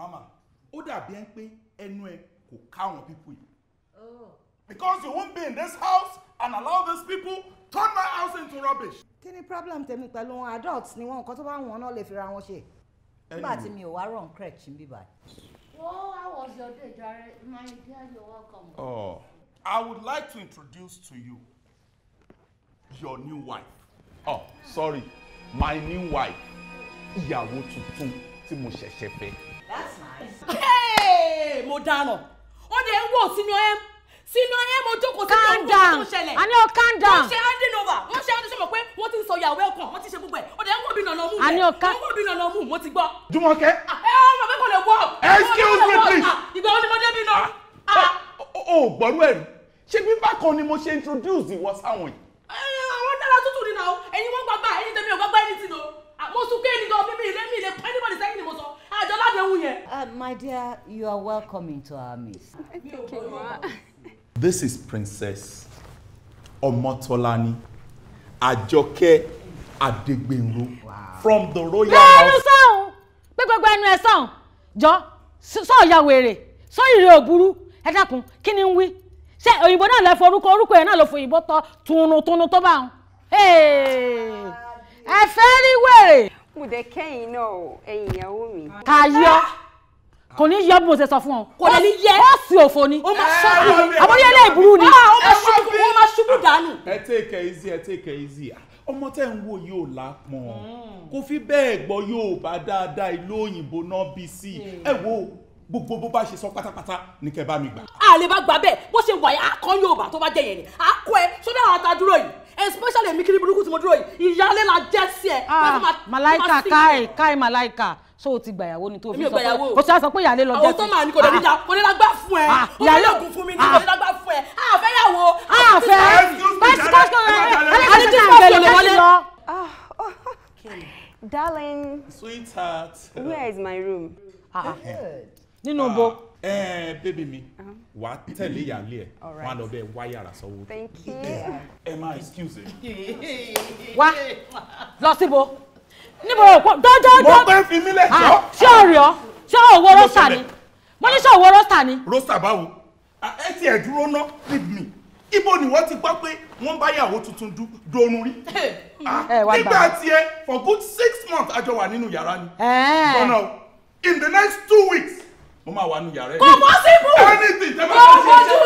mama ó dàbí ẹ pé ẹnu ẹ kò ká àwọn yìí. Oh. because you won't be in this house and allow these people turn my house into rubbish. kí ni problem tèmi pẹ̀lú wọn adults ni wọn nǹkan tó bá wọn náà lè fi wọn ṣe nígbà tí mi ò wá rọ̀ crèche ń bí báyìí. oh how was your day jare my dear you're welcome. Oh, I would like to introduce to you your new wife. oh sorry my new wife ìyàwó tuntun tí mo ṣẹ̀ṣẹ̀ fẹ́ èmi ò dáràn ó dẹ̀ ń wò sínú ẹ sínú ẹ mo jókòó sí ọkọ tó ń ṣẹlẹ̀ àní o calm down wọ́n ṣe handing over wọ́n ṣe handing over pé wọ́n ti sọ yàwó ẹ̀kọ́ wọ́n ti ṣe gbogbo ẹ̀ ó dẹ̀ ń wò bí nànà mú rẹ̀ ó wò bí nànà mú mo ti gbọ́. Jùmọ̀kẹ́. Ah, ẹ ọ mọ̀ pé kò lè wọ. excuse me please. Ah, ìgbà wo ni mo débi náà. Ah, o gbọ́dọ̀ ẹ̀rù ṣé bí bákan ni mo ṣe introduce ìwọ sáwọn yìí Uh, my dear, you are welcome into our midst. Thank you. This is Princess Omotolani Ajoke Adegbenro wow. from the royal house. Bẹ́ẹ̀ni sọ̀hún pé gbogbo ẹnu ẹ̀ sọ̀hún jọ sọ̀ọ́ ya wèrè sọ̀ọ́ ìrè òburú ẹ dákun kí ni ń wí ṣé òyìnbó náà lẹ forúkọ orúkọ yẹn náà ló fòyìnbó tọ tunutunu tó bá wọn. ẹ fẹ́ rí wèrè. mo kẹ́yìn náà ẹ̀yìn ìyàwó mi. kàyọ́ kò ní yẹ bí mo ṣe sọ fún ọ kò ní yẹ ó sì òfò ni àbórí ẹlẹ́ ìburú ni ah, ó máa ṣubú dànù. ẹ take it easy ẹ take it easy ọmọ tẹ́ ń wò yóò lápọn hmm. kò fi bẹ́ẹ̀ gbọ́ yóò bá dáadáa ìlú òyìnbó náà bí sí hmm. ẹ wo gbogbo bó bá ṣe sọ pátápátá ní kẹ bá mi gbà. a lè bá gbà bẹ́ẹ̀ bó ṣe wàyà akọ yóò bá tó bá jẹ yẹn ni akọ ẹ sọdọ àwọn ata dúró yìí especially èmi kiri burúkú tí mo dúró yìí ìyálé la jẹ sí ẹ. Ah, malaika káì káì malaika so o ti gbàyàwó ni tó fi sọ pé o ti sọ pé ìyáálé lọ jẹ́ sí. àwọn tó máa ní kò débi dá ah. kò débi dá fún ẹ o ah, ní fún mi ní kò débi dá fún ẹ àfẹ́ yàwó. àfẹ́ pásítọ̀ rẹ̀ ẹ̀ darling sweetheart where is my room. Ah, nínú bo. ẹ bébí mi uh-huh. wà á tẹ̀lé ìyáálé ẹ̀ wọ́n á lọ bẹ́ẹ̀ wá yàrá sanwó. thank you. Eh, eh, ẹ máa excuse ẹ. wá lọ síbo níbo rò pọ̀ dọ́jọ́ dọ́. mo fẹ́ fi mí lẹ̀ ah, jọ́. ṣé ọ̀rẹ́ ọ ṣé owó rọ́sà ni mo ní ṣé owó rọ́sà ni. rọ́sà báwo ah, ẹ ti ẹ̀ dúró ná leave me ibo ni wọ́n ti gbọ́ pé wọ́n bá yàwó tuntun dorun rí. Eh, ah, nígbà tiẹ̀ for good six months àjọ wà nínú yàrá ni. Eh. bọ́nà in the next two weeks mo máa wà nínú yàrá ẹ̀. kò possible kò fojú